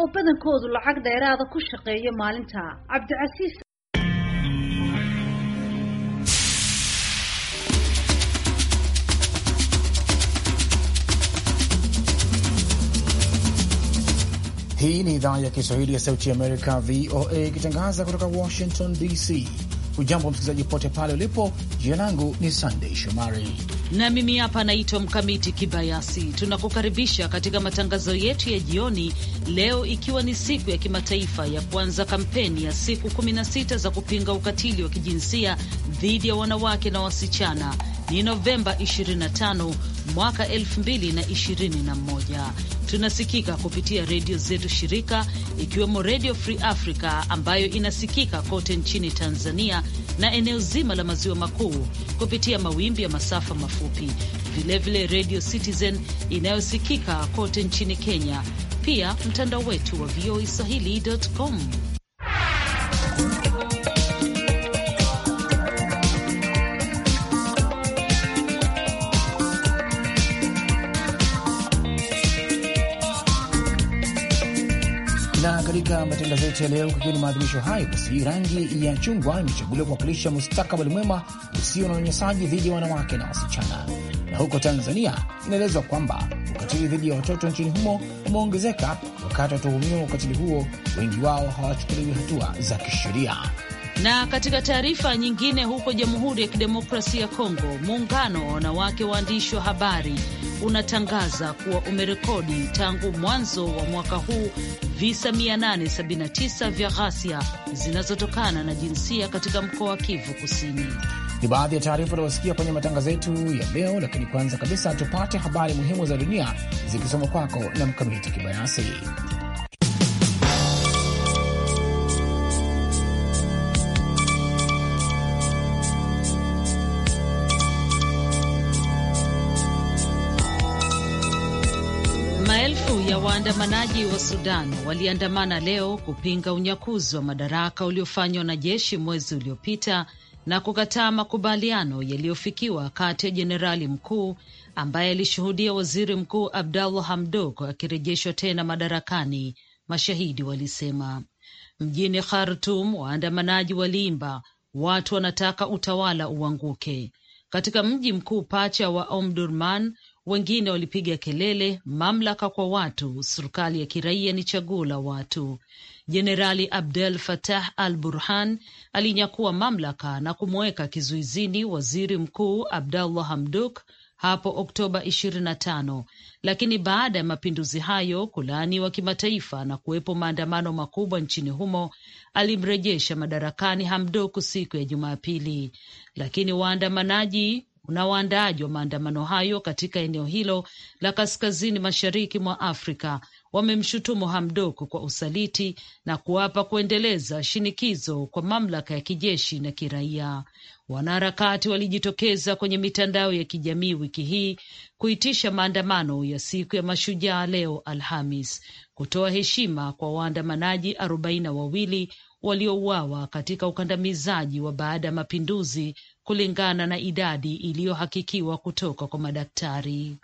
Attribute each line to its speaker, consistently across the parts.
Speaker 1: oo badankoodu lacag dheeraada ku shaqeeya maalinta cabdicasiis
Speaker 2: Hii ni idhaa ya Kiswahili ya Sauti ya Amerika, VOA, ikitangaza kutoka Washington DC. ujambo msikilizaji pote pale ulipo. Jina langu ni Sandei Shomari
Speaker 1: na mimi hapa naitwa Mkamiti Kibayasi. Tunakukaribisha katika matangazo yetu ya jioni leo, ikiwa ni siku ya kimataifa ya kuanza kampeni ya siku 16 za kupinga ukatili wa kijinsia dhidi ya wanawake na wasichana ni Novemba 25 mwaka 2021. Tunasikika kupitia redio zetu shirika ikiwemo Redio Free Africa ambayo inasikika kote nchini Tanzania na eneo zima la maziwa makuu kupitia mawimbi ya masafa mafupi, vilevile Redio Citizen inayosikika kote nchini Kenya, pia mtandao wetu wa voa swahilicom
Speaker 2: katika matangazo yetu ya leo, kukiwa ni maadhimisho hayo, basi rangi ya chungwa imechaguliwa kuwakilisha mustakabali mwema usio na unyanyasaji dhidi ya wanawake na wasichana. Na huko Tanzania inaelezwa kwamba ukatili dhidi ya watoto nchini humo umeongezeka, wakati watuhumiwa ukatili huo wengi wao hawachukuliwi hatua za kisheria.
Speaker 1: Na katika taarifa nyingine, huko Jamhuri ya Kidemokrasia ya Kongo, muungano wa wanawake waandishi wa habari unatangaza kuwa umerekodi tangu mwanzo wa mwaka huu visa 879 vya ghasia zinazotokana na jinsia katika mkoa wa Kivu Kusini.
Speaker 2: Ni baadhi ya taarifa unayosikia kwenye matangazo yetu ya leo, lakini kwanza kabisa tupate habari muhimu za dunia zikisoma kwako na Mkamiti Kibayasi.
Speaker 1: Waandamanaji wa Sudan waliandamana leo kupinga unyakuzi wa madaraka uliofanywa na jeshi mwezi uliopita na kukataa makubaliano yaliyofikiwa kati ya jenerali mkuu ambaye alishuhudia waziri mkuu Abdallah Hamdok akirejeshwa tena madarakani, mashahidi walisema. Mjini Khartum, waandamanaji waliimba watu wanataka utawala uanguke. Katika mji mkuu pacha wa Omdurman, wengine walipiga kelele, mamlaka kwa watu, serikali ya kiraia ni chaguo la watu. Jenerali Abdel Fattah al Burhan alinyakua mamlaka na kumweka kizuizini waziri mkuu Abdallah Hamduk hapo Oktoba 25, lakini baada ya mapinduzi hayo kulaaniwa kimataifa na kuwepo maandamano makubwa nchini humo, alimrejesha madarakani Hamduk siku ya Jumapili, lakini waandamanaji na waandaaji wa maandamano hayo katika eneo hilo la kaskazini mashariki mwa Afrika wamemshutumu Hamdok kwa usaliti na kuapa kuendeleza shinikizo kwa mamlaka ya kijeshi na kiraia. Wanaharakati walijitokeza kwenye mitandao ya kijamii wiki hii kuitisha maandamano ya siku ya mashujaa leo Alhamis, kutoa heshima kwa waandamanaji arobaini na wawili waliouawa katika ukandamizaji wa baada ya mapinduzi kulingana na idadi iliyohakikiwa kutoka kwa madaktari.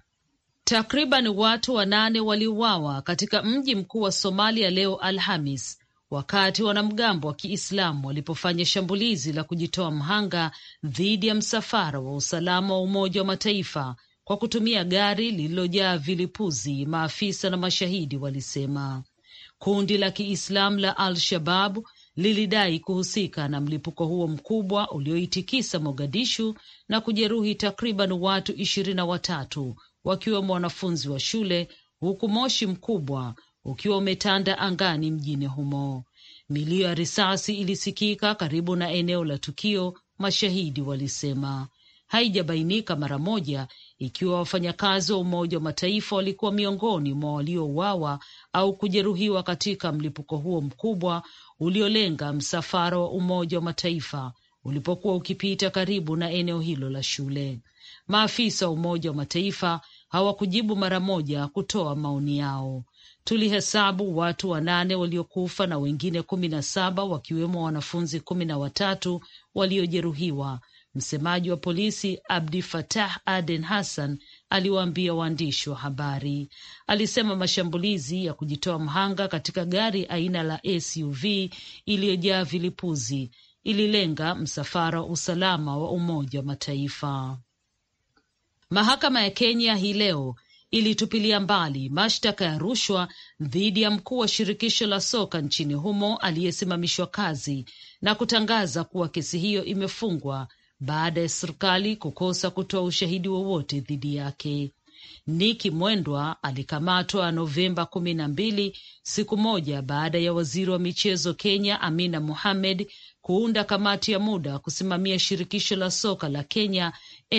Speaker 1: Takriban watu wanane waliuawa katika mji mkuu wa Somalia leo Alhamis wakati wanamgambo wa Kiislamu walipofanya shambulizi la kujitoa mhanga dhidi ya msafara wa usalama wa Umoja wa Mataifa kwa kutumia gari lililojaa vilipuzi, maafisa na mashahidi walisema. Kundi la Kiislamu la Al-Shababu lilidai kuhusika na mlipuko huo mkubwa ulioitikisa Mogadishu na kujeruhi takriban watu ishirini na watatu wakiwemo wanafunzi wa shule, huku moshi mkubwa ukiwa umetanda angani mjini humo. Milio ya risasi ilisikika karibu na eneo la tukio, mashahidi walisema. Haijabainika mara moja ikiwa wafanyakazi wa Umoja wa Mataifa walikuwa miongoni mwa waliouawa au kujeruhiwa katika mlipuko huo mkubwa uliolenga msafara wa Umoja wa Mataifa ulipokuwa ukipita karibu na eneo hilo la shule. Maafisa wa Umoja wa Mataifa hawakujibu mara moja kutoa maoni yao. Tulihesabu watu wanane waliokufa na wengine kumi na saba wakiwemo wanafunzi kumi na watatu waliojeruhiwa, msemaji wa polisi Abdi Fatah Aden Hassan aliwaambia waandishi wa habari. Alisema mashambulizi ya kujitoa mhanga katika gari aina la SUV iliyojaa vilipuzi ililenga msafara wa usalama wa Umoja wa Mataifa. Mahakama ya Kenya hii leo ilitupilia mbali mashtaka ya rushwa dhidi ya mkuu wa shirikisho la soka nchini humo aliyesimamishwa kazi na kutangaza kuwa kesi hiyo imefungwa baada ya serikali kukosa kutoa ushahidi wowote dhidi yake. niki Mwendwa alikamatwa Novemba kumi na mbili, siku moja baada ya waziri wa michezo Kenya Amina Mohamed kuunda kamati ya muda kusimamia shirikisho la soka la Kenya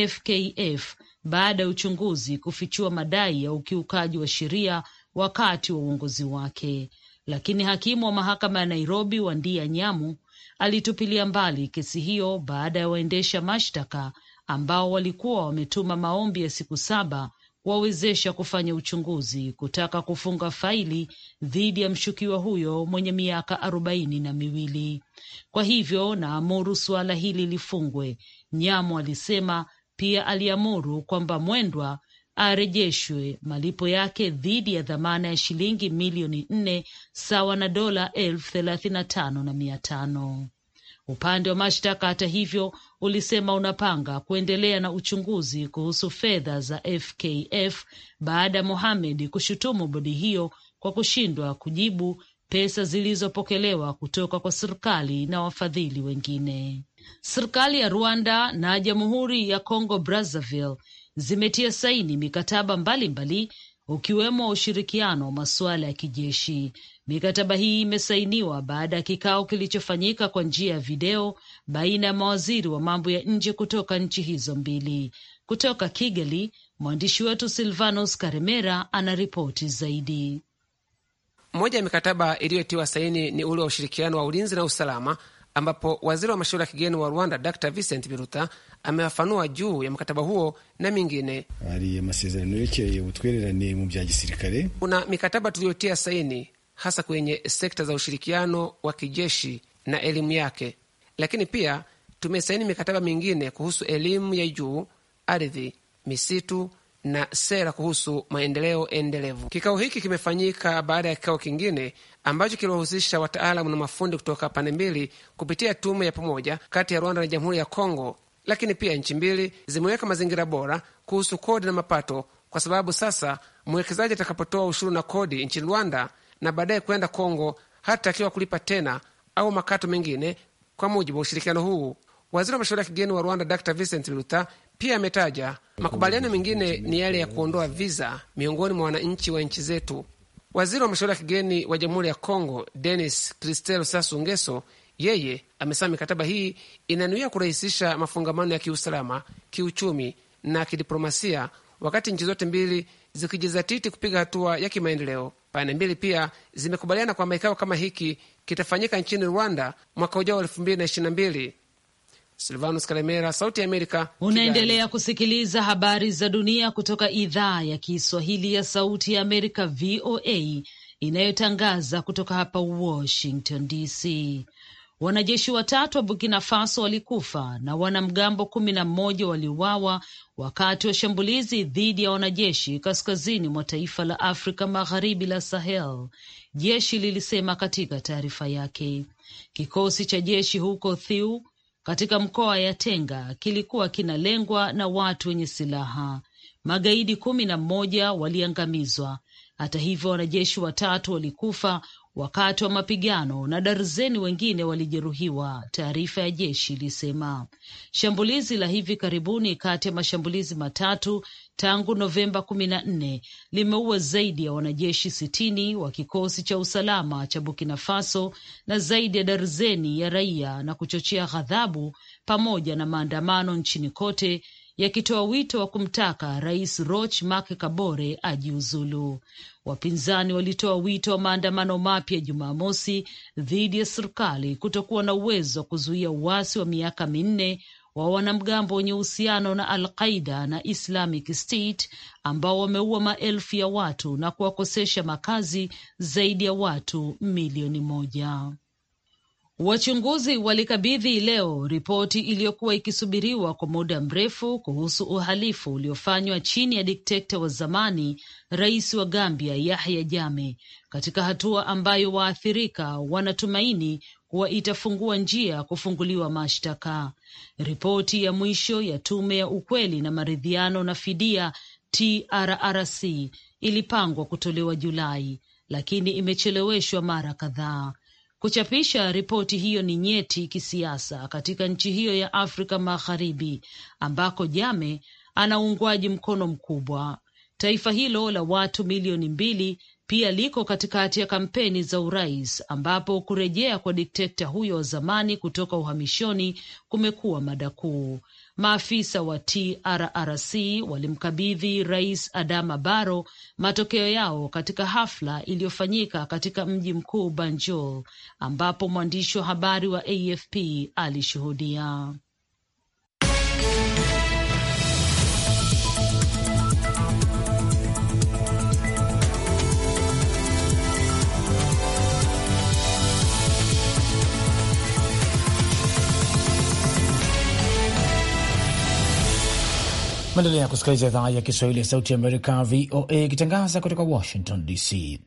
Speaker 1: FKF baada ya uchunguzi kufichua madai ya ukiukaji wa sheria wakati wa uongozi wake. Lakini hakimu wa mahakama ya Nairobi Wandia Nyamu alitupilia mbali kesi hiyo baada ya waendesha mashtaka ambao walikuwa wametuma maombi ya siku saba wawezesha kufanya uchunguzi kutaka kufunga faili dhidi ya mshukiwa huyo mwenye miaka arobaini na miwili. Kwa hivyo naamuru suala hili lifungwe, nyamo alisema. Pia aliamuru kwamba mwendwa arejeshwe malipo yake dhidi ya dhamana ya shilingi milioni nne sawa na dola elfu thelathini na tano na mia tano. Upande wa mashtaka hata hivyo ulisema unapanga kuendelea na uchunguzi kuhusu fedha za FKF baada ya Mohamed kushutumu bodi hiyo kwa kushindwa kujibu pesa zilizopokelewa kutoka kwa serikali na wafadhili wengine. Serikali ya Rwanda na Jamhuri ya Congo Brazzaville zimetia saini mikataba mbalimbali ukiwemo wa ushirikiano wa masuala ya kijeshi. Mikataba hii imesainiwa baada ya kikao kilichofanyika kwa njia ya video baina ya mawaziri wa mambo ya nje kutoka nchi hizo mbili. Kutoka Kigali, mwandishi wetu Silvanos Karemera ana ripoti zaidi. Moja ya
Speaker 3: mikataba iliyotiwa saini ni ule wa ushirikiano wa ulinzi na usalama ambapo waziri wa mashauri ya kigeni wa Rwanda Dr Vincent Biruta amewafanua juu ya mkataba huo na mingine. Kuna mikataba tuliyotia saini hasa kwenye sekta za ushirikiano wa kijeshi na elimu yake, lakini pia tumesaini mikataba mingine kuhusu elimu ya juu, ardhi, misitu na sera kuhusu maendeleo endelevu. Kikao hiki kimefanyika baada ya kikao kingine ambacho kiliwahusisha wataalamu na mafundi kutoka pande mbili kupitia tume ya pamoja kati ya Rwanda na Jamhuri ya Kongo. Lakini pia nchi mbili zimeweka mazingira bora kuhusu kodi na mapato, kwa sababu sasa mwekezaji atakapotoa ushuru na kodi nchini Rwanda na baadaye kwenda Kongo hatatakiwa kulipa tena au makato mengine, kwa mujibu wa ushirikiano huu. Waziri wa mashauri ya kigeni wa Rwanda Dr Vincent Luta pia ametaja makubaliano mengine ni yale ya kuondoa viza miongoni mwa wananchi wa nchi zetu. Waziri wa mashauri ya kigeni wa Jamhuri ya Kongo Denis Cristel sasu ngeso yeye amesema mikataba hii inanuia kurahisisha mafungamano ya kiusalama, kiuchumi na kidiplomasia, wakati nchi zote mbili zikijizatiti kupiga hatua ya kimaendeleo. Pande mbili pia zimekubaliana kwamba kikao kama hiki kitafanyika nchini Rwanda mwaka ujao elfu mbili na ishirini na mbili Silvanus Kalemera, Sauti ya Amerika. Unaendelea
Speaker 1: kusikiliza habari za dunia kutoka idhaa ya Kiswahili ya Sauti ya Amerika, VOA, inayotangaza kutoka hapa Washington DC. Wanajeshi watatu wa Burkina Faso walikufa na wanamgambo kumi na mmoja waliuawa wakati wa shambulizi dhidi ya wanajeshi kaskazini mwa taifa la Afrika Magharibi la Sahel, jeshi lilisema katika taarifa yake. Kikosi cha jeshi huko Thiou katika mkoa ya Tenga kilikuwa kinalengwa na watu wenye silaha. Magaidi kumi na mmoja waliangamizwa. Hata hivyo, wanajeshi watatu walikufa wakati wa mapigano na darzeni wengine walijeruhiwa, taarifa ya jeshi ilisema. Shambulizi la hivi karibuni kati ya mashambulizi matatu tangu Novemba kumi na nne limeua zaidi ya wanajeshi sitini wa kikosi cha usalama cha Burkina Faso na zaidi ya darzeni ya raia na kuchochea ghadhabu pamoja na maandamano nchini kote yakitoa wito wa kumtaka Rais Roch Marc Kabore ajiuzulu. Wapinzani walitoa wito wa maandamano mapya Jumamosi dhidi ya serikali kutokuwa na uwezo wa kuzuia uasi wa miaka minne wa wanamgambo wenye uhusiano na Al-Qaida na Islamic State ambao wameua maelfu ya watu na kuwakosesha makazi zaidi ya watu milioni moja. Wachunguzi walikabidhi leo ripoti iliyokuwa ikisubiriwa kwa muda mrefu kuhusu uhalifu uliofanywa chini ya dikteta wa zamani, rais wa Gambia Yahya Jammeh, katika hatua ambayo waathirika wanatumaini kuwa itafungua njia kufunguliwa mashtaka. Ripoti ya mwisho ya tume ya ukweli na maridhiano na fidia TRRC ilipangwa kutolewa Julai, lakini imecheleweshwa mara kadhaa. Kuchapisha ripoti hiyo ni nyeti kisiasa katika nchi hiyo ya Afrika Magharibi ambako Jame ana uungwaji mkono mkubwa. Taifa hilo la watu milioni mbili pia liko katikati ya kampeni za urais ambapo kurejea kwa dikteta huyo wa zamani kutoka uhamishoni kumekuwa mada kuu. Maafisa wa TRRC walimkabidhi Rais Adama Barrow matokeo yao katika hafla iliyofanyika katika mji mkuu Banjul, ambapo mwandishi wa habari wa AFP alishuhudia.
Speaker 2: Maendelea kusikiliza idhaa ya Kiswahili ya Sauti ya Amerika, VOA, ikitangaza kutoka Washington DC.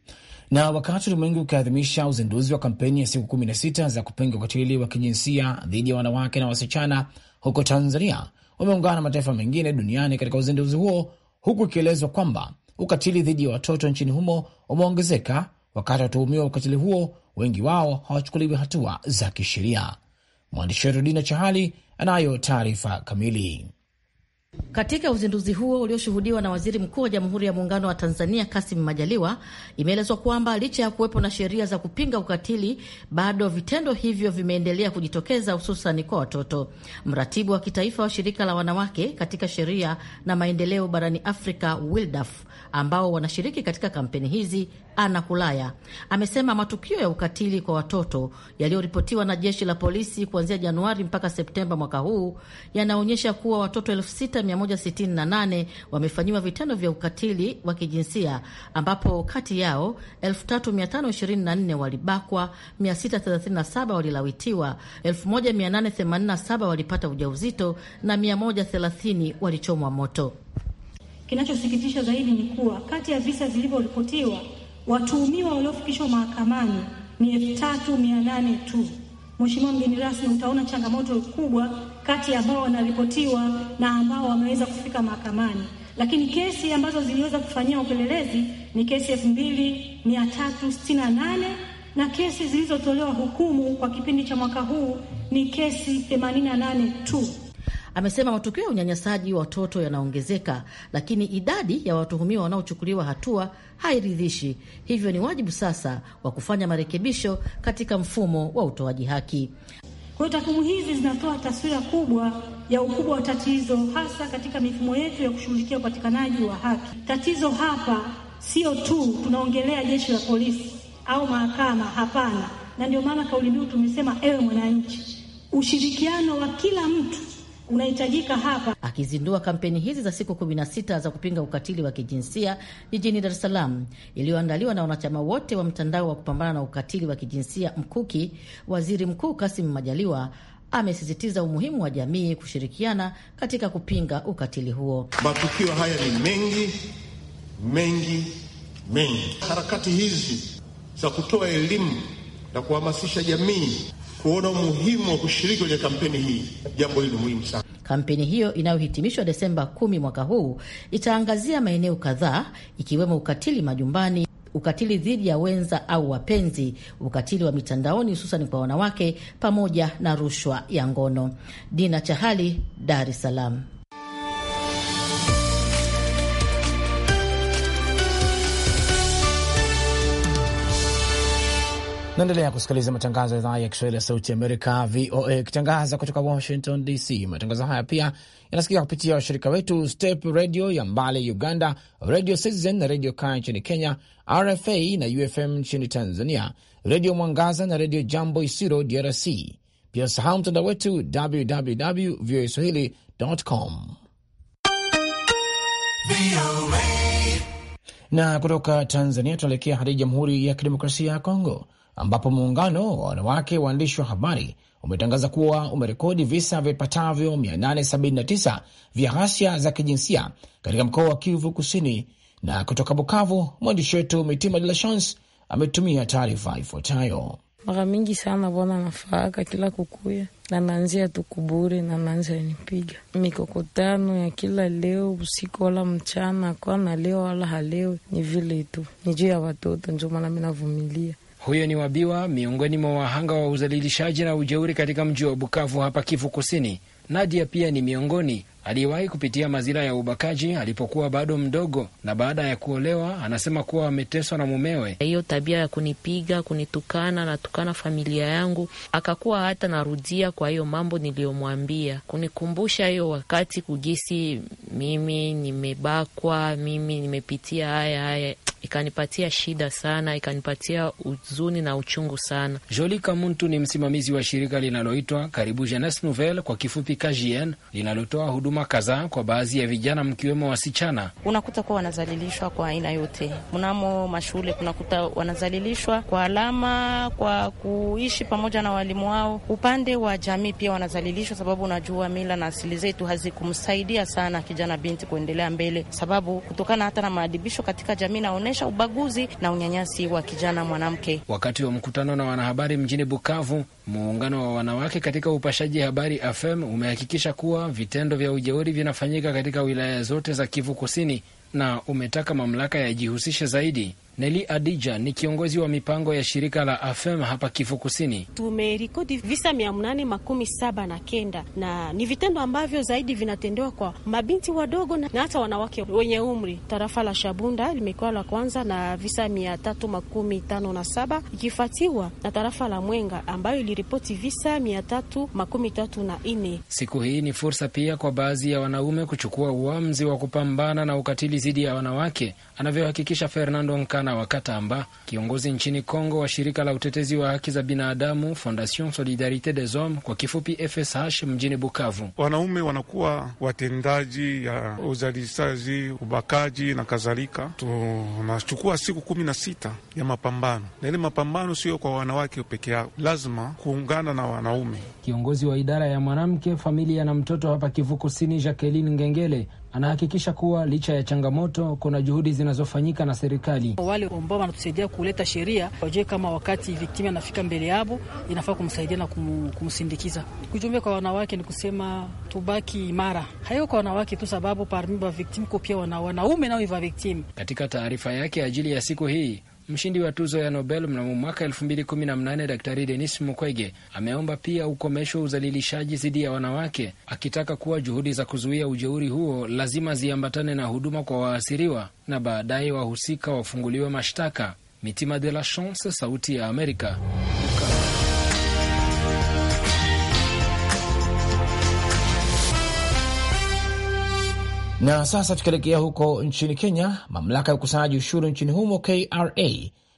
Speaker 2: Na wakati ulimwengu ukiadhimisha uzinduzi wa kampeni ya siku 16 za kupinga ukatili wa kijinsia dhidi ya wanawake na wasichana, huko Tanzania wameungana na mataifa mengine duniani katika uzinduzi huo, huku ikielezwa kwamba ukatili dhidi ya watoto nchini humo umeongezeka, wakati watuhumiwa ukatili huo wengi wao hawachukuliwi hatua za kisheria. Mwandishi wetu Dina Chahali anayo taarifa kamili.
Speaker 4: Katika uzinduzi huo ulioshuhudiwa na waziri mkuu wa Jamhuri ya Muungano wa Tanzania Kassim Majaliwa, imeelezwa kwamba licha ya kuwepo na sheria za kupinga ukatili, bado vitendo hivyo vimeendelea kujitokeza, hususani kwa watoto. Mratibu wa kitaifa wa shirika la wanawake katika sheria na maendeleo barani Afrika, WiLDAF, ambao wanashiriki katika kampeni hizi ana kulaya. Amesema matukio ya ukatili kwa watoto yaliyoripotiwa na jeshi la polisi kuanzia Januari mpaka Septemba mwaka huu yanaonyesha kuwa watoto 6168 wamefanyiwa vitendo vya ukatili wa kijinsia ambapo kati yao 3524 walibakwa, 637 walilawitiwa, 1887 walipata ujauzito na 130 walichomwa moto. Kinachosikitisha zaidi ni kuwa kati ya visa vilivyoripotiwa watuhumiwa waliofikishwa mahakamani ni elfu tatu mia nane tu. Mheshimiwa mgeni rasmi, utaona changamoto kubwa kati ya ambao wanaripotiwa na ambao wameweza kufika mahakamani, lakini kesi ambazo ziliweza kufanyia upelelezi ni kesi elfu mbili mia tatu sitini na nane na kesi zilizotolewa hukumu kwa kipindi cha mwaka huu ni kesi 88 tu. Amesema matukio ya unyanyasaji wa watoto yanaongezeka, lakini idadi ya watuhumiwa wanaochukuliwa hatua hairidhishi, hivyo ni wajibu sasa wa kufanya marekebisho katika mfumo wa utoaji haki. Kwa hiyo takwimu hizi zinatoa taswira kubwa ya ukubwa wa tatizo, hasa katika mifumo yetu ya kushughulikia upatikanaji wa haki.
Speaker 1: Tatizo hapa sio tu tunaongelea jeshi la polisi au mahakama, hapana. Na ndio maana kauli mbiu tumesema, ewe mwananchi,
Speaker 4: ushirikiano wa kila mtu unahitajika hapa. Akizindua kampeni hizi za siku 16 za kupinga ukatili wa kijinsia jijini Dar es Salaam, iliyoandaliwa na wanachama wote wa mtandao wa kupambana na ukatili wa kijinsia Mkuki, Waziri Mkuu Kasim Majaliwa amesisitiza umuhimu wa jamii kushirikiana katika kupinga ukatili huo.
Speaker 5: Matukio haya ni mengi mengi mengi. Harakati hizi za kutoa elimu na kuhamasisha jamii kuona umuhimu wa kushiriki kwenye kampeni hii. Jambo hili ni muhimu sana.
Speaker 4: Kampeni hiyo inayohitimishwa Desemba kumi mwaka huu itaangazia maeneo kadhaa ikiwemo ukatili majumbani, ukatili dhidi ya wenza au wapenzi, ukatili wa mitandaoni hususani kwa wanawake, pamoja na rushwa ya ngono. Dina Chahali, Dar es Salaam.
Speaker 2: Naendelea kusikiliza matangazo ya idhaa ya Kiswahili ya Sauti Amerika, VOA, ikitangaza kutoka Washington DC. Matangazo haya pia yanasikika kupitia washirika wetu Step Redio ya Mbale Uganda, Radio Citizen na Redio Kaya nchini Kenya, RFA na UFM nchini Tanzania, Redio Mwangaza na Redio Jambo Isiro DRC. Pia sahau mtandao wetu www voa swahili.com na kutoka Tanzania tunaelekea hadi Jamhuri ya Kidemokrasia ya Kongo ambapo muungano wa wanawake waandishi wa habari umetangaza kuwa umerekodi visa vipatavyo 879 vya ghasia za kijinsia katika mkoa wa Kivu Kusini. Na kutoka Bukavu, mwandishi wetu Mitima De La Chance ametumia taarifa ifuatayo.
Speaker 4: Mara mingi sana bwana nafaaka kila kukuya na nanzia tukubure na nanzi nipiga mikokotano ya kila leo usiku wala mchana, kwana leo wala halewe, ni vile tu
Speaker 1: ni juu ya watoto, njo maana mi
Speaker 4: navumilia
Speaker 6: huyo ni Wabiwa, miongoni mwa wahanga wa udhalilishaji na ujeuri katika mji wa Bukavu hapa Kivu Kusini. Nadia pia ni miongoni aliyewahi kupitia mazira ya ubakaji alipokuwa bado mdogo, na baada ya kuolewa anasema kuwa ameteswa na mumewe.
Speaker 1: Hiyo tabia ya kunipiga, kunitukana, natukana familia yangu, akakuwa hata narudia kwa hiyo mambo niliyomwambia, kunikumbusha hiyo wakati kugisi mimi nimebakwa, mimi nimepitia haya haya ikanipatia shida sana, ikanipatia huzuni na uchungu sana.
Speaker 6: Joli Kamuntu ni msimamizi wa shirika linaloitwa Karibu Jeunesse Nouvelle, kwa kifupi KJN, linalotoa huduma huduma kadhaa kwa baadhi ya vijana mkiwemo wasichana.
Speaker 4: Unakuta kuwa wanazalilishwa kwa aina yote, mnamo mashule kunakuta wanazalilishwa kwa alama, kwa kuishi pamoja na walimu wao. Upande wa jamii pia wanazalilishwa, sababu unajua mila na asili zetu hazikumsaidia sana kijana binti kuendelea mbele, sababu kutokana hata na maadibisho katika jamii naonyesha ubaguzi na unyanyasi wa kijana mwanamke.
Speaker 6: Wakati wa mkutano na wanahabari mjini Bukavu, muungano wa wanawake katika upashaji habari AFEM umehakikisha kuwa vitendo vya uja Jeuri vinafanyika katika wilaya zote za Kivu Kusini na umetaka mamlaka yajihusishe zaidi Neli Adija ni kiongozi wa mipango ya shirika la AFEM hapa Kifu Kusini.
Speaker 4: Tumerikodi visa mia mnane makumi saba na kenda na ni vitendo ambavyo zaidi vinatendewa kwa mabinti wadogo na hata wanawake wenye umri. Tarafa la Shabunda limekuwa la kwanza na visa mia tatu makumi tano na saba ikifuatiwa na tarafa la Mwenga ambayo iliripoti visa mia tatu makumi tatu na nne.
Speaker 6: Siku hii ni fursa pia kwa baadhi ya wanaume kuchukua uamuzi wa kupambana na ukatili dhidi ya wanawake, anavyohakikisha Fernando Nkana kupatikana wakati ambao kiongozi nchini Kongo wa shirika la utetezi wa haki za binadamu Fondation Solidarite des Hommes kwa kifupi FSH mjini Bukavu,
Speaker 3: wanaume wanakuwa watendaji ya uzalishaji, ubakaji na kadhalika. Tunachukua siku kumi na sita ya mapambano, na ile mapambano sio kwa wanawake peke yao, lazima kuungana na wanaume.
Speaker 6: Kiongozi wa idara ya mwanamke, familia na mtoto hapa Kivu Kusini, Jacqueline Ngengele anahakikisha kuwa licha ya changamoto kuna juhudi zinazofanyika na serikali.
Speaker 1: Wale ambao wanatusaidia kuleta sheria wajue kama wakati viktimu anafika mbele yabo, inafaa kumsaidia na kumsindikiza. Kujumbe kwa wanawake ni kusema tubaki imara, hayo kwa wanawake tu, sababu parmi wa viktimu ko wanaume nao iva viktimu.
Speaker 6: Katika taarifa yake ajili ya siku hii Mshindi wa tuzo ya Nobel mnamo mwaka 2018 Daktari Denis Mukwege ameomba pia ukomesho wa dhidi ya wanawake, akitaka kuwa juhudi za kuzuia ujeuri huo lazima ziambatane na huduma kwa waathiriwa na baadaye wahusika wafunguliwe mashtaka. Mitima de la Chance, Sauti ya Amerika.
Speaker 2: Na sasa tukielekea huko nchini Kenya, mamlaka ya ukusanyaji ushuru nchini humo KRA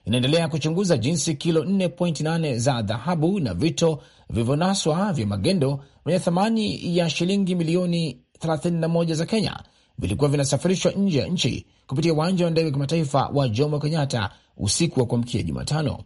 Speaker 2: inaendelea kuchunguza jinsi kilo 4.8 za dhahabu na vito vilivyonaswa vya magendo vyenye thamani ya shilingi milioni 31 za Kenya vilikuwa vinasafirishwa nje ya nchi kupitia uwanja wa ndege wa kimataifa wa Jomo Kenyatta usiku wa kuamkia Jumatano.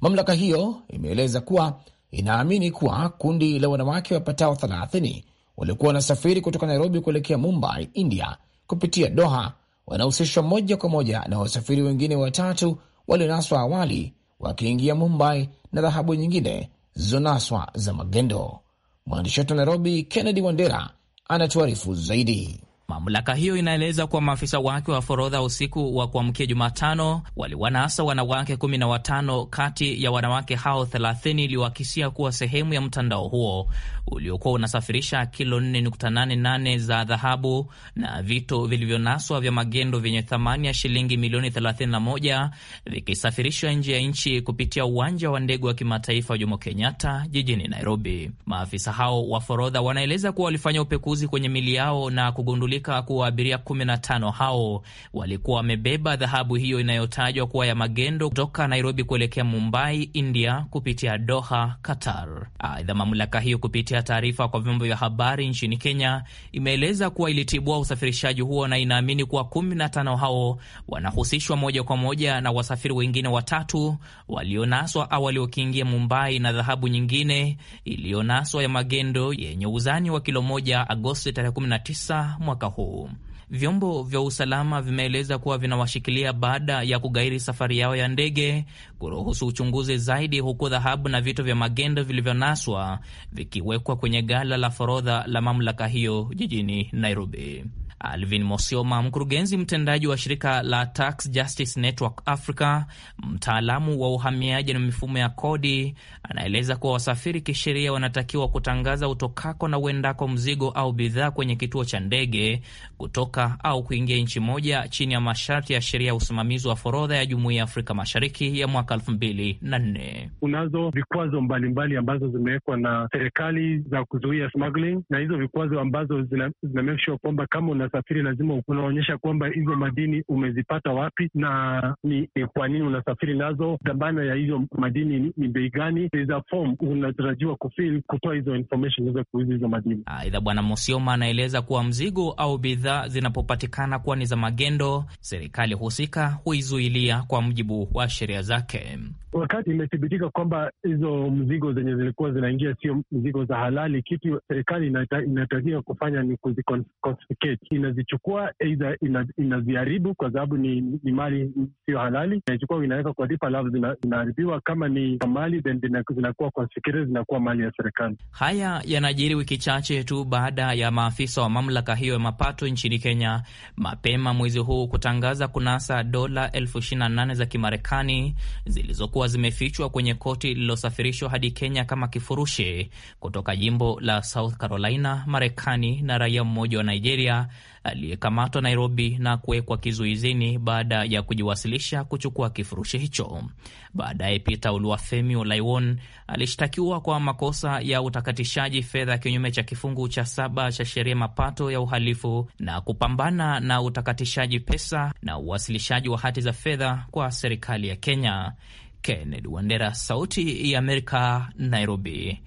Speaker 2: Mamlaka hiyo imeeleza kuwa inaamini kuwa kundi la wanawake wapatao 30 waliokuwa wanasafiri kutoka Nairobi kuelekea Mumbai, India, kupitia Doha wanahusishwa moja kwa moja na wasafiri wengine watatu walionaswa awali wakiingia Mumbai na dhahabu nyingine zilizonaswa za magendo. Mwandishi wetu wa Nairobi, Kennedy Wandera, anatuarifu zaidi.
Speaker 7: Mamlaka hiyo inaeleza kuwa maafisa wake wa forodha usiku wa kuamkia Jumatano waliwanasa wanawake kumi na watano kati ya wanawake hao 30 iliyoakisia kuwa sehemu ya mtandao huo uliokuwa unasafirisha kilo 4.88 za dhahabu na vitu vilivyonaswa vya magendo vyenye thamani ya shilingi milioni 31 vikisafirishwa nje ya nchi kupitia uwanja wa ndege wa kimataifa wa Jomo Kenyatta jijini Nairobi. Maafisa hao wa forodha wanaeleza kuwa walifanya upekuzi kwenye mili yao na kugundulia kukamilika kuwa abiria 15 hao walikuwa wamebeba dhahabu hiyo inayotajwa kuwa ya magendo kutoka Nairobi kuelekea Mumbai, India, kupitia Doha, Qatar. Aidha, mamlaka hiyo kupitia taarifa kwa vyombo vya habari nchini Kenya imeeleza kuwa ilitibua usafirishaji huo na inaamini kuwa 15 hao wanahusishwa moja kwa moja na wasafiri wengine watatu walionaswa au waliokiingia Mumbai na dhahabu nyingine iliyonaswa ya magendo yenye uzani wa kilo moja Agosti tarehe 19 mwaka mwaka huu. Vyombo vya usalama vimeeleza kuwa vinawashikilia baada ya kugairi safari yao ya ndege, kuruhusu uchunguzi zaidi, huku dhahabu na vitu vya magendo vilivyonaswa vikiwekwa kwenye gala la forodha la mamlaka hiyo jijini Nairobi. Alvin uh, Mosioma, mkurugenzi mtendaji wa shirika la Tax Justice Network Africa, mtaalamu wa uhamiaji na mifumo ya kodi, anaeleza kuwa wasafiri kisheria wanatakiwa kutangaza utokako na uendako mzigo au bidhaa kwenye kituo cha ndege kutoka au kuingia nchi moja chini ya masharti ya sheria ya usimamizi wa forodha ya Jumuiya ya Afrika Mashariki ya mwaka elfu mbili na nne.
Speaker 8: Kunazo vikwazo mbalimbali ambazo zimewekwa na serikali za kuzuia smuggling, na hizo vikwazo ambazo zina, zina make sure kwamba kama una unasafiri lazima unaonyesha kwamba hizo madini umezipata wapi na ni e, kwa nini unasafiri nazo, dhamana ya hizo madini ni, ni bei gani. Form unatarajiwa kufil kutoa hizo information za kuuza hizo madini. Ah, aidha,
Speaker 7: Bwana Mosioma anaeleza kuwa mzigo au bidhaa zinapopatikana kuwa ni za magendo, serikali husika huizuilia kwa mujibu wa sheria zake.
Speaker 8: Wakati imethibitika kwamba hizo mzigo zenye zilikuwa zinaingia sio mzigo za halali, kitu serikali inatakiwa kufanya ni kuzi inazichukua aidha inaziharibu kwa sababu ni, ni mali siyo halali, inachukua inaweka kwa dipa, alafu zinaharibiwa. Kama ni mali zinakuwa kwa sikiri, zinakuwa mali ya serikali.
Speaker 7: Haya yanajiri wiki chache tu baada ya maafisa wa mamlaka hiyo ya mapato nchini Kenya mapema mwezi huu kutangaza kunasa dola elfu ishirini na nane za Kimarekani zilizokuwa zimefichwa kwenye koti lililosafirishwa hadi Kenya kama kifurushi kutoka jimbo la South Carolina, Marekani na raia mmoja wa Nigeria aliyekamatwa Nairobi na kuwekwa kizuizini baada ya kujiwasilisha kuchukua kifurushi hicho. Baadaye Peter Oluwafemi Olaiwon alishtakiwa kwa makosa ya utakatishaji fedha kinyume cha kifungu cha saba cha sheria mapato ya uhalifu na kupambana na utakatishaji pesa na uwasilishaji wa hati za fedha kwa serikali ya Kenya. Kennedy Wandera, Sauti ya Amerika, Nairobi.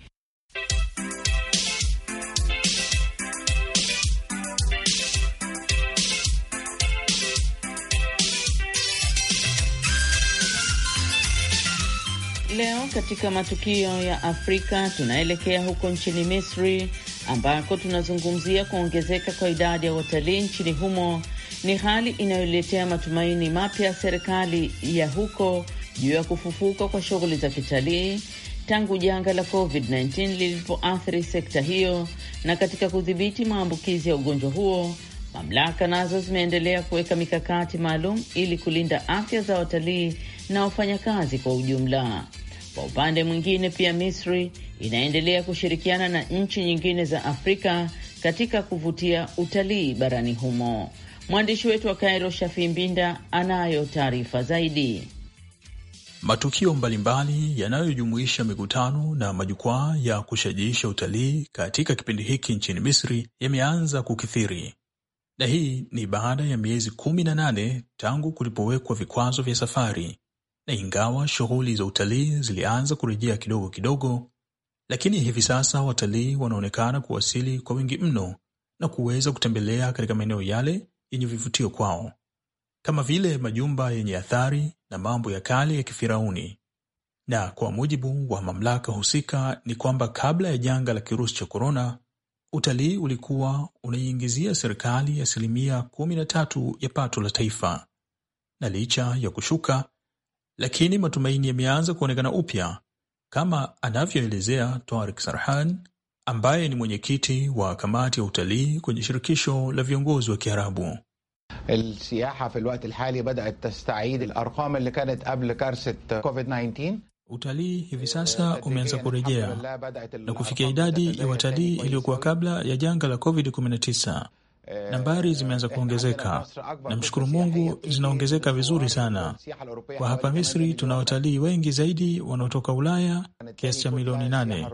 Speaker 4: leo katika matukio ya Afrika tunaelekea huko nchini Misri ambako tunazungumzia kuongezeka kwa idadi ya watalii nchini humo. Ni hali inayoletea matumaini mapya ya serikali ya huko juu ya kufufuka kwa shughuli za kitalii tangu janga la COVID-19 lilipoathiri sekta hiyo. Na katika kudhibiti maambukizi ya ugonjwa huo, mamlaka nazo zimeendelea kuweka mikakati maalum ili kulinda afya za watalii na wafanyakazi kwa ujumla. Kwa upande mwingine, pia Misri inaendelea kushirikiana na nchi nyingine za Afrika katika kuvutia utalii barani humo. Mwandishi wetu wa Kairo, Shafi Mbinda, anayo taarifa zaidi.
Speaker 8: Matukio mbalimbali yanayojumuisha mikutano na majukwaa ya kushajiisha utalii katika kipindi hiki nchini Misri yameanza kukithiri, na hii ni baada ya miezi kumi na nane tangu kulipowekwa vikwazo vya safari na ingawa shughuli za utalii zilianza kurejea kidogo kidogo, lakini hivi sasa watalii wanaonekana kuwasili kwa wingi mno na kuweza kutembelea katika maeneo yale yenye vivutio kwao kama vile majumba yenye athari na mambo ya kale ya kifirauni. Na kwa mujibu wa mamlaka husika ni kwamba kabla ya janga la kirusi cha korona, utalii ulikuwa unaiingizia serikali asilimia 13 ya pato la taifa, na licha ya kushuka lakini matumaini yameanza kuonekana upya, kama anavyoelezea Tarik Sarhan ambaye ni mwenyekiti wa kamati ya utalii kwenye shirikisho la viongozi wa Kiarabu.
Speaker 2: fi badat tastaid kanat covid-19. Utalii
Speaker 8: hivi sasa umeanza kurejea na kufikia idadi ya watalii iliyokuwa kabla ya janga la covid-19. Eh, nambari zimeanza eh, kuongezeka, namshukuru Mungu, zinaongezeka vizuri sana. Kwa hapa Misri tuna watalii wengi zaidi wanaotoka Ulaya, kiasi cha milioni nane.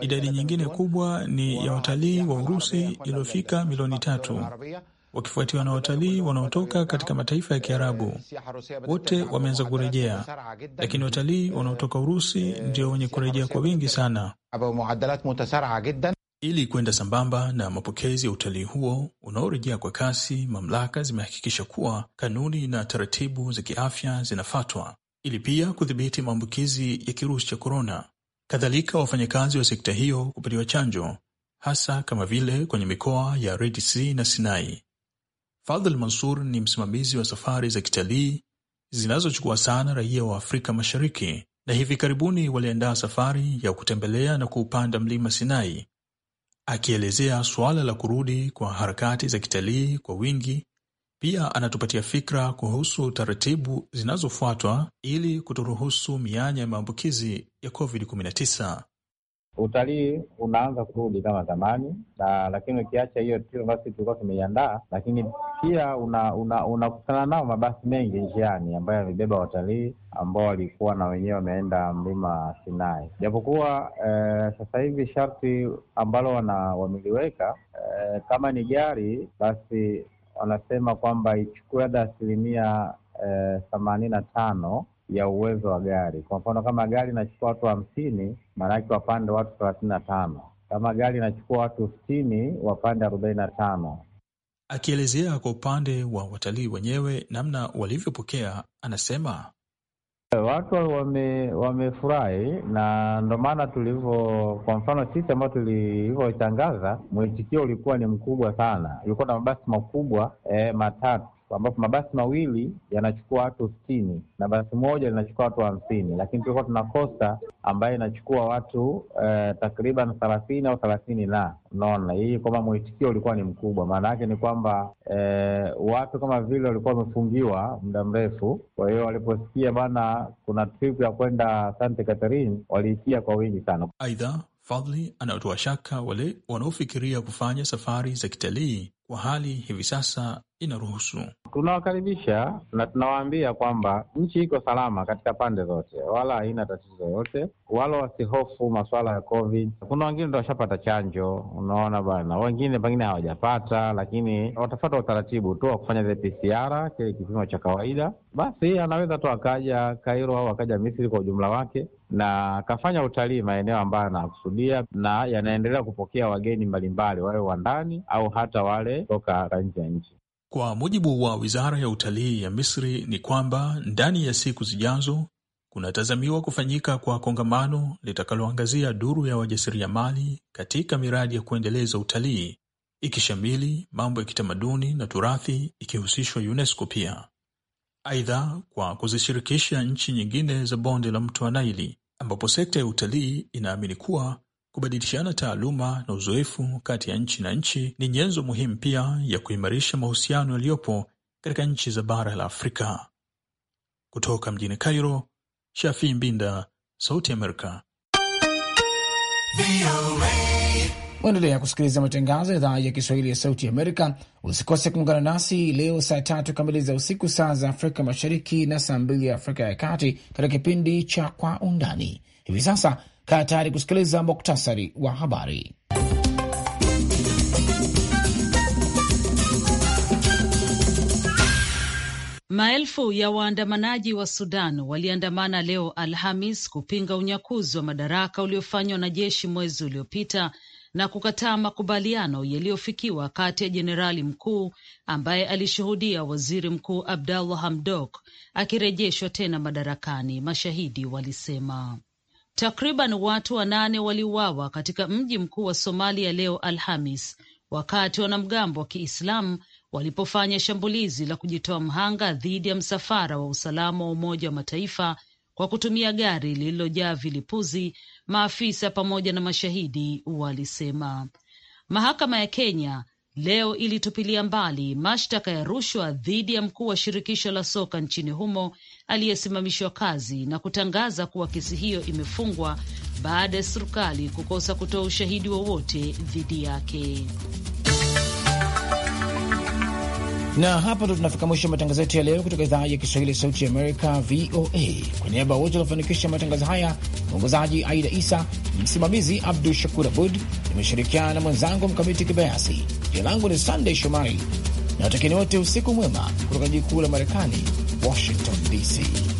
Speaker 8: Idadi nyingine kubwa ni ya watalii wa Urusi iliyofika milioni tatu, wakifuatiwa na watalii wanaotoka katika mataifa ya eh, Kiarabu. Wote wameanza kurejea, lakini watalii wanaotoka Urusi ndio wenye kurejea kwa wingi sana. Ili kwenda sambamba na mapokezi ya utalii huo unaorejea kwa kasi, mamlaka zimehakikisha kuwa kanuni na taratibu za kiafya zinafatwa ili pia kudhibiti maambukizi ya kirusi cha korona. Kadhalika, wafanyakazi wa sekta hiyo kupatiwa chanjo hasa kama vile kwenye mikoa ya Red Sea na Sinai. Fadhl Mansur ni msimamizi wa safari za kitalii zinazochukua sana raia wa Afrika Mashariki, na hivi karibuni waliandaa safari ya kutembelea na kuupanda mlima Sinai Akielezea suala la kurudi kwa harakati za kitalii kwa wingi pia anatupatia fikra kuhusu taratibu zinazofuatwa ili kutoruhusu mianya ya maambukizi
Speaker 5: ya COVID-19. Utalii unaanza kurudi kama zamani na lakini ukiacha hiyo tio basi tulikuwa tumeiandaa, lakini pia unakutana una, una nao mabasi mengi njiani ambayo yamebeba watalii ambao walikuwa na wenyewe wameenda mlima Sinai, japokuwa eh, sasa hivi sharti ambalo wana wameliweka eh, kama ni gari basi wanasema kwamba ichukue hata asilimia eh, themanini eh, na tano ya uwezo wa gari. Kwa mfano kama gari inachukua watu hamsini, maanake wapande watu thelathini na tano. Kama gari inachukua watu sitini, wapande arobaini na tano
Speaker 8: Akielezea kwa upande wa watalii wenyewe namna walivyopokea, anasema
Speaker 5: watu wame, wamefurahi na ndo maana tulivyo, kwa mfano sisi ambao tulivyoitangaza mwitikio ulikuwa ni mkubwa sana, ulikuwa na mabasi makubwa eh, matatu ambapo mabasi mawili yanachukua watu sitini na basi moja linachukua watu hamsini lakini tulikuwa tuna kosta ambayo inachukua watu eh, takriban thelathini au thelathini na unaona hii kwamba mwitikio ulikuwa ni mkubwa. Maana yake ni kwamba eh, watu kama vile walikuwa wamefungiwa muda mrefu, kwa hiyo waliposikia bana kuna trip ya kwenda Sante Catherine waliitia kwa wingi sana.
Speaker 8: Aidha, Fadhli anaotoa shaka wale wanaofikiria kufanya safari za kitalii kwa hali hivi sasa inaruhusu.
Speaker 5: Tunawakaribisha na tunawaambia kwamba nchi iko salama katika pande zote, wala haina tatizo yoyote, wala wasihofu masuala ya COVID. Kuna wengine ndo washapata chanjo, unaona bana, wengine pengine hawajapata, lakini watafata utaratibu tu wa kufanya zile PCR, kile kipimo cha kawaida, basi anaweza tu akaja Kairo au akaja Misri kwa ujumla wake na akafanya utalii maeneo ambayo anakusudia na yanaendelea kupokea wageni mbalimbali, wawe wa ndani au hata wale toka nje ya nchi.
Speaker 8: Kwa mujibu wa wizara ya utalii ya Misri ni kwamba ndani ya siku zijazo kunatazamiwa kufanyika kwa kongamano litakaloangazia duru ya wajasiriamali katika miradi ya kuendeleza utalii ikishamili mambo ya kitamaduni na turathi ikihusishwa UNESCO pia. Aidha, kwa kuzishirikisha nchi nyingine za bonde la mto wa Naili ambapo sekta ya utalii inaamini kuwa Kubadilishana taaluma na uzoefu kati ya nchi na nchi ni nyenzo muhimu pia ya kuimarisha mahusiano yaliyopo katika nchi za bara la Afrika. Kutoka mjini Cairo, Shafii Mbinda, Sauti Amerika.
Speaker 2: Waendelea kusikiliza matangazo ya idhaa ya Kiswahili ya Sauti Amerika. Usikose kuungana nasi leo saa tatu kamili za usiku, saa za Afrika Mashariki, na saa mbili ya Afrika ya Kati, katika kipindi cha Kwa Undani. Hivi sasa Kaa tayari kusikiliza muktasari wa habari.
Speaker 1: Maelfu ya waandamanaji wa Sudan waliandamana leo Alhamis kupinga unyakuzi wa madaraka uliofanywa na jeshi mwezi uliopita na kukataa makubaliano yaliyofikiwa kati ya jenerali mkuu ambaye alishuhudia waziri mkuu Abdallah Hamdok akirejeshwa tena madarakani, mashahidi walisema. Takriban watu wanane waliuawa katika mji mkuu wa Somalia leo Alhamis wakati wanamgambo wa Kiislamu walipofanya shambulizi la kujitoa mhanga dhidi ya msafara wa usalama wa Umoja wa Mataifa kwa kutumia gari lililojaa vilipuzi, maafisa pamoja na mashahidi walisema. Mahakama ya Kenya leo ilitupilia mbali mashtaka ya rushwa dhidi ya mkuu wa shirikisho la soka nchini humo aliyesimamishwa kazi na kutangaza kuwa kesi hiyo imefungwa baada ya serikali kukosa kutoa ushahidi wowote dhidi yake.
Speaker 2: Na hapa ndo tunafika mwisho wa matangazo yetu ya leo kutoka idhaa ya Kiswahili ya Sauti ya Amerika, VOA. Kwa niaba ya wote waliofanikisha matangazo haya, mwongozaji Aida Isa, msimamizi Abdu Shakur Abud, nimeshirikiana na mwenzangu Mkamiti Kibayasi. Jina langu ni Sunday Shomari na watakieni wote usiku mwema kutoka jikuu la Marekani, Washington DC.